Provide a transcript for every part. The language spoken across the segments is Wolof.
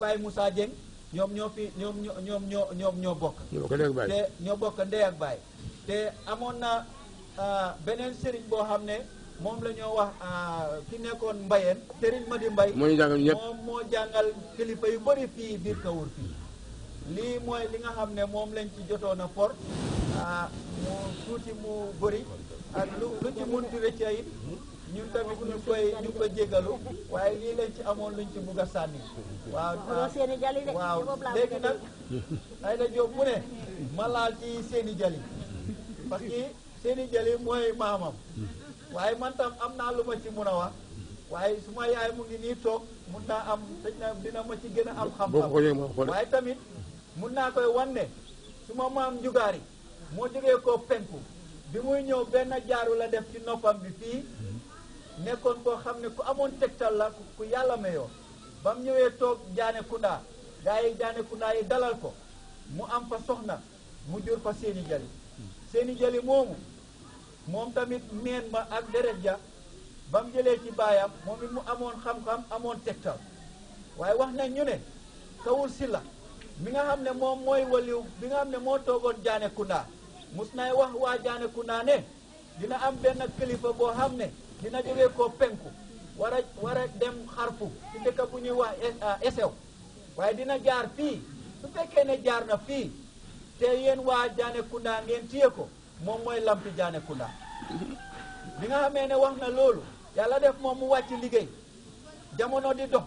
Baye Moussa Dieng ñoom ñoo fi ñoom ñoo ñoom ñoo ñoom bokk te ñoo bokk ndey ak baay te amoon na euh, beneen sëriñ boo xam ne moom lañoo wax euh, ki nekkoon mbayeen sëriñ Madi Mbay moom moo jàngal kilifa yu bëri fii biir Kawur fii lii mooy li nga xam ne moom lañ ci jotoon a for euh, mu tuuti mu bëri ak lu lu ci munti wéccee it ñun tamit ñu koy ñu koy jégalu waaye lii lañ ci amoon luñ ci bugg a sànni. waaw waaw léegi nag ay la Diop mu ne ma laal ci seeni jali parce que seeni jali mooy maamam waaye man tam am naa lu ma ci mun a wax waaye su ma yaay mu ngi nii toog mun naa am dina ma ci gën a am xam-xam waaye tamit mun naa koy wanne su ma maam njugaari moo jógee ko penku bi muy ñëw benn jaaru la def ci noppam bi fii nekkoon koo xam ne ku amoon tegtal la ku yàlla mayoo ba mu ñëwee toog jaane kundaa gaa yi jaane kundaa yi dalal ko mu am fa na mu jur fa seeni jali seeni jali moomu moom tamit meen ma ak deret ja ba mu jëlee ci baayam moom it mu amoon xam-xam amoon tegtal waaye wax nañ ñu ne kawul si la mi nga xam ne moom mooy waliw bi nga xam ne moo toogoon jaane ndaa mus nay wax waa jaane kundaa ne dina am benn kilifa boo xam ne dina jógee penku war a war a dem xarfu ci dëkk bu ñuy wax e, ah, esew waaye dina jaar fii su fekkee ne jaar na fii te yéen waa Jaane Kunda ngeen téye ko moom mooy lampi Jaane Kunda bi nga xamee ne wax na loolu yàlla def moom mu wàcc liggéey jamono di dox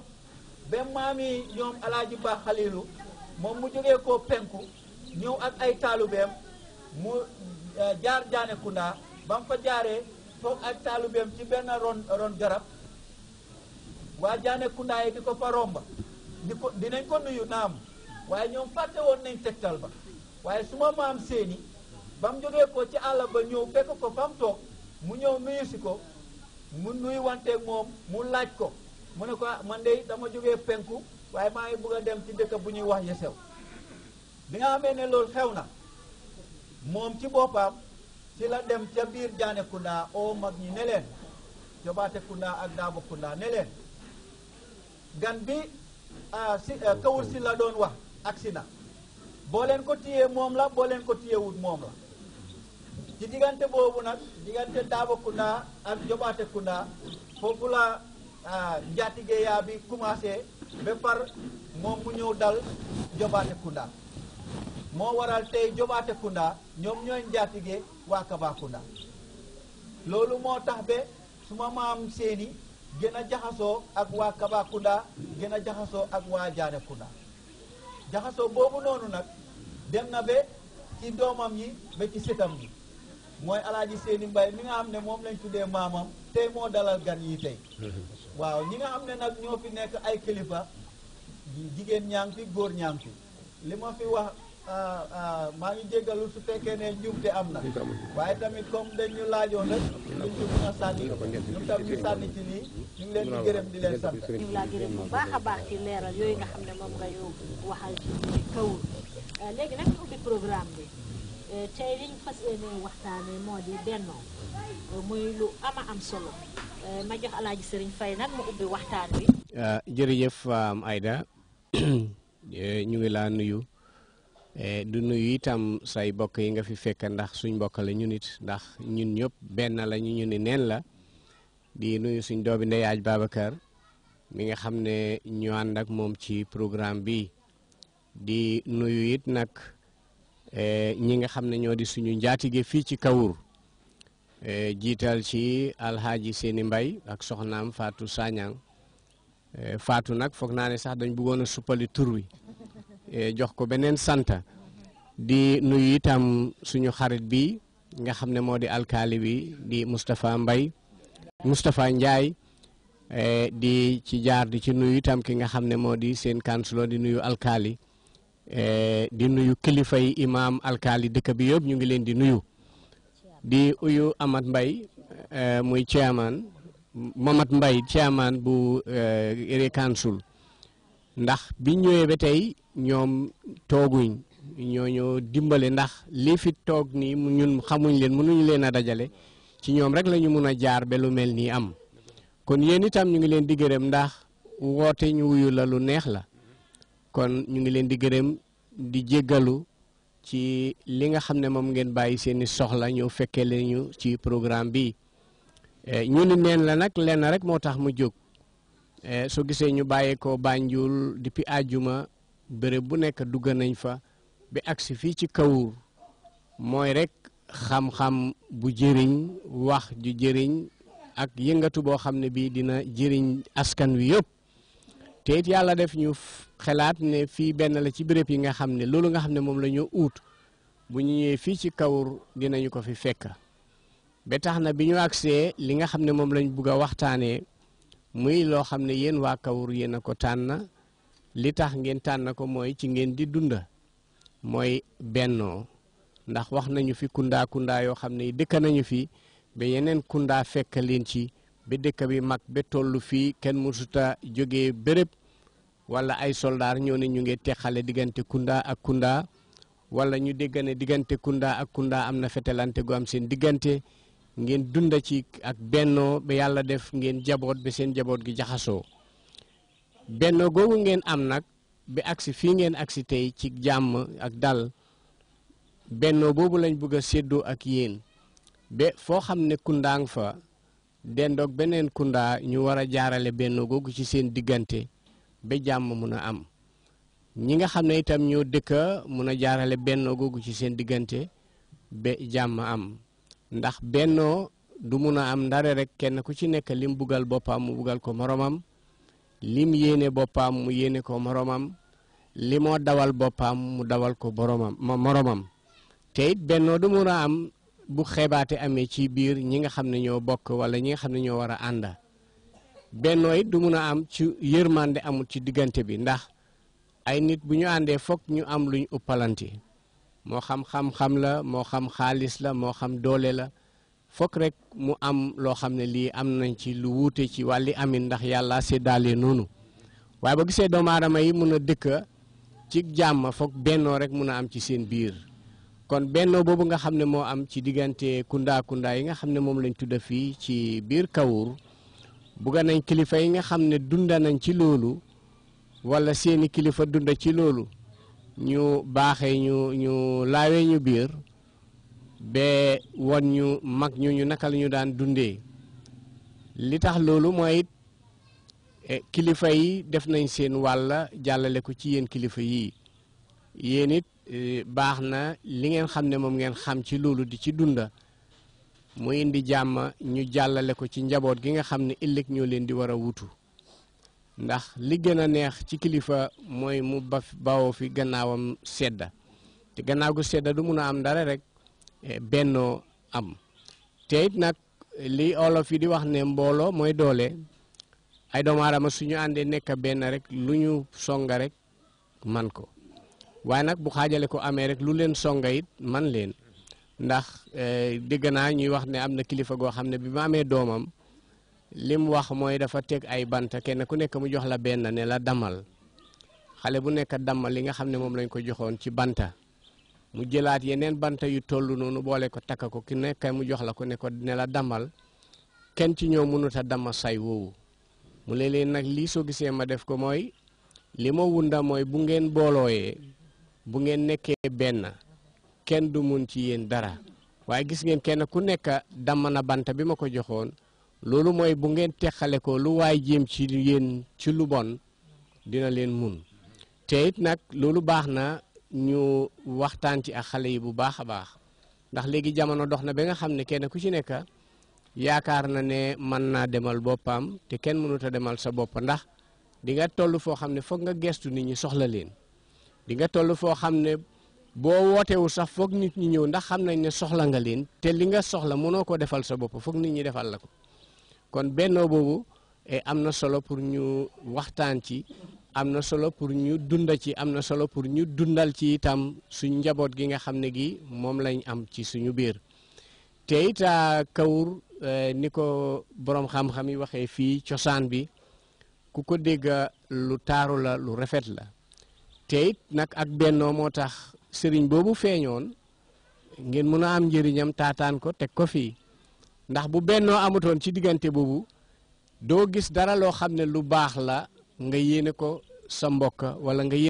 ba maam ñoom alaaji Ba Xalilu moom mu jógee koo penku ñëw ak ay taalubeem mu eh, jaar Jaane Kunda ba mu fa jaaree toog ak taalubeem ci benn ron ron garab waa jaane kundaay di ko fa romba ko dinañ ko nuyu naam waaye ñoom fàtte woon nañ tegtal ba waaye suma ma maam seeni ba mu ko ci àll ba ñëw fekk ko fa mu toog mu ñëw nuyu ko mu nuyu wante moom mu laaj ko mu ne ko ah, man de dama jógee penku waaye maa ngi bugg dem ci dëkk bu ñuy wax yesew bi nga xamee ne lool xew na moom ci boppam ci la dem ca biir jaane kunda oo mag ñi ne leen jobaate kunda ak daabo kunda ne gan bi si kawur si doon wa agsi na boo leen ko téyee moom la boo leen ko téyewut moom la ci diggante boobu nag diggante daabo kunda ak jobaate kunda foofu la njaatige yaa bi commencé par moom mu ñëw dal jobaate kunda moo waral tey Jobaate Kunda ñoom ñooy njaatige waa Kabakunda loolu moo tax ba suma maam seeni gën a jaxasoo ak waa Kabakunda gën a jaxasoo ak waa Jaane Kunda jaxasoo boobu noonu nag dem na ba ci doomam yi ba ci sëtam yi mooy alaaji seeni mbay mi nga xam ne moom lañ tuddee maamam tey moo dalal gan yi tey waaw ñi nga xam ne nag ñoo fi nekk ay kilifa jigéen ñaa fi góor ñaa fi li ma fi wax Ah, ah, maa ngi jégalu su fekkee ne njuumte am na waaye tamit comme dañu laajoon rek luñ ci mën a sànni ci nii ñu leen di gërëm di leen sant ci leeral yooyu nga xam ne moom nga yow waxal ci kawul ah, léegi nag ñu ubbi programme bi eh, tey liñ fas yéene waxtaane moo di bennoo muy lu ama am solo eh, ma jox alaaji sëriñ fay nag mu ubbi waxtaan bi jërëjëf ayda eh, ñu ngi laa nuyu Eh, du nuyu itam say bokk yi nga fi fekk ndax suñ mbokk la ñu ndax ñun ñëpp benn la ñu ñu ni neen la di nuyu suñ doomi ndeyaaj Babacar mi nga xam ne ñu ànd moom ci programme bi di nuyu it nag eh, ñi nga xam ne ñoo di suñu njaatige fii ci Kawur eh, jiital ci alxaaji seeni mbay ak soxnaam Fatou Sagnang Fatou nag foog naa ne sax dañ bëggoon a suppali tur Eh, jox ko beneen santa di nuyu itam suñu xarit bi nga xam ne moo di alkaali bi di Moustapha Mbay Moustapha njaay eh, di ci jaar di ci nuyu itam ki nga xam ne moo di seen kansulo di nuyu alkaali eh, di nuyu kilifay imaam alkaali dëkk bi yëpp ñu ngi leen di nuyu di uyu Amat Mbay muy chairman Mamat Mbay chairman bu Iri Council ndax bi ñëwee ba tey ñoom tooguñ ñoo ñooñu dimbale ndax lii fi toog nii ñun xamuñ leen mënuñu leen a dajale ci ñoom rek lañu ñu mun a jaar ba lu mel nii am kon yéen itam ñu ngi leen di gërëm ndax woote ñu la lu neex la kon ñu ngi leen di gërëm di jéggalu ci li nga xam ne moom ngeen bàyyi seeni soxla ñëw fekkee leen ñu ci programme bi eh, ñu ni neen la nag lenn rek moo tax mu jóg Eh, soo gisee ñu bàyyeekoo Banjul depuis àjjuma bërëb bu nekk dugg nañ fa bi agsi fii ci Kawur mooy rekk xam-xam bu jëriñ wax ju jëriñ ak yëngatu boo xam ne bii dina jëriñ askan wi yëpp te yàlla def ñu xalaat ne fii benn la ci béréb yi nga xam ne loolu nga xam ne moom lañu ñu bu ñu ñëwee fii ci Kawur dinañu ko fi fekk ba tax na bi ñu agsee li nga xam ne moom lañ bugg a waxtaanee. muy loo xam ne yéen waa Kawur yéen ko tànn li tax ngeen tànn ko mooy ci ngeen di dunda mooy bennoo ndax wax nañu fi kundaa kundaa yoo xam ne dëkk nañu fi ba yeneen kundaa fekk leen ci ba dëkk bi mag ba toll fii kenn mësuta jóge bërëb walla ay soldaar ñoo ne ñu ngi teqale diggante kundaa ak kundaa walla ñu dégg ne diggante kundaa ak kundaa am na fetelante gu am seen diggante ngeen dunda ci ak bennoo ba yàlla def ngeen jaboot ba seen jaboot gi jaxasoo bennoo googu ngeen am nag ba agsi fii ngeen agsi tey ci jàmm ak dal bennoo boobu lañ bëgg a séddoo ak yéen ba foo xam ne kundaang fa dendoog beneen kundaa ñu war a jaarale bennoo googu ci seen diggante ba jàmm mun a am ñi nga xam ne itam ñoo dëkka mun a jaarale bennoo googu ci seen diggante ba jàmm am ndax benno du mun a am ndare rek kenn ku ci nekk lim bugal boppam mu bugal ko moromam lim yéene boppam mu yéene ko moromam li moo dawal boppam mu dawal ko boromam moromam te it bennoo du mun a am bu xeebaate amee ci biir ñi nga xam ne ñoo bokk wala ñi nga xam ne ñoo war a ànda bennoo it du mun a am ci yërmande amul ci diggante bi ndax ay nit bu ñu àndee foog ñu am luñ uppalante mo xam xam-xam la mo xam xaalis la xam la fokk rek mu am lohamne li, am nañ ci lu wuute ci wàlli amin ndax yàlla séddaale noonu waaye ba gisee doomu aadama yi mun dëkk ci rek mun am ci seen biir kon beno boobu nga xam am ci diggante kunda kunda yi nga xam ne moom lañ tudda fii ci biir kawur bugga nañ kilifa yi nga xam dunda nañ ci loolu wala seeni kilifa dunda ci ñu baaxee ñu ñu laawee ñu biir ba won ñu mag ñu ñu naka lañu daan dundee li tax loolu mooy eh, kilifa yi def nañ seen wàll jàllale ko ci yéen kilifa yii yéen it eh, baax na li ngeen xam ne moom ngeen xam ci loolu di ci dunda mu indi jàmm ñu jàllale ko ci njaboot gi nga xam ne ëllëg ñoo leen di war a wutu ndax li gën a neex ci kilifa mooy mu ba bawoo fi gannaawam sedda te gannaaw gu sedda du mun a am ndara rek eh, bennoo am te nag li olof yi di wax ne mbooloo mooy doole ay doomu aadama suñu àndee nekk benn rek lu ñu songa rek man ko waaye nag bu xaajale ko amee rek lu leen songa it man leen ndax eh, dégg naa ñuy wax ne am na kilifa goo xam ne bi ma amee doomam lim wax mooy dafa teg ay bant kenn ku nekk mu jox la benn ne la damal xale bu nekk damal li nga xam ne moom lañ ko joxoon ci banta mu jëlaat yeneen banta yu toll noonu boole ko takk ko ki nekk mu jox la ko ne ko ne la damal kenn ci ñoo mënut a dama say woowu mu ne nag lii soo gisee ma def ko mooy li ma wunda mooy bu ngeen boolooyee bu ngeen nekkee benn kenn du mun ci yéen dara waaye gis ngeen kenn ku nekk damm na banta bi ma ko joxoon. loolu mooy bu ngeen teqale ko lu waay jéem ci yéen ci lu bon dina leen mun te nag loolu baax na ñu waxtaan ci ak xale yi bu baax a baax ndax léegi jamono dox na ba nga xam ne kenn ku ci nekk yaakaar na ne mën naa demal boppam te kenn mënut demal sa bopp ndax di nga toll foo xam ne foog nga gestu nit ñi soxla leen di nga toll foo xam ne boo wootewul sax foog nit ñi ñëw ndax xam nañ ne soxla nga leen te li nga soxla mënoo ko defal sa bopp foog nit ñi defal la ko. kon bennoo boobu e, am na solo pour ñu waxtaan ci am na solo pour ñu dunda ci am na solo pour ñu dundal ci itam suñ njaboot gi nga xam ne gi moom lañ am ci suñu biir te it kawur e, ni ko borom xam-xam yi waxee fii cosaan bi ku ko dégg lu taaru la lu rafet la te it nag ak benno moo tax sëriñ boobu feeñoon ngeen mun a am njëriñam taataan ko teg ko fii ndax bu bennoo amatoon ci diggante boobu doo gis dara loo xam ne lu baax la nga yéene ko sa mbokk wala nga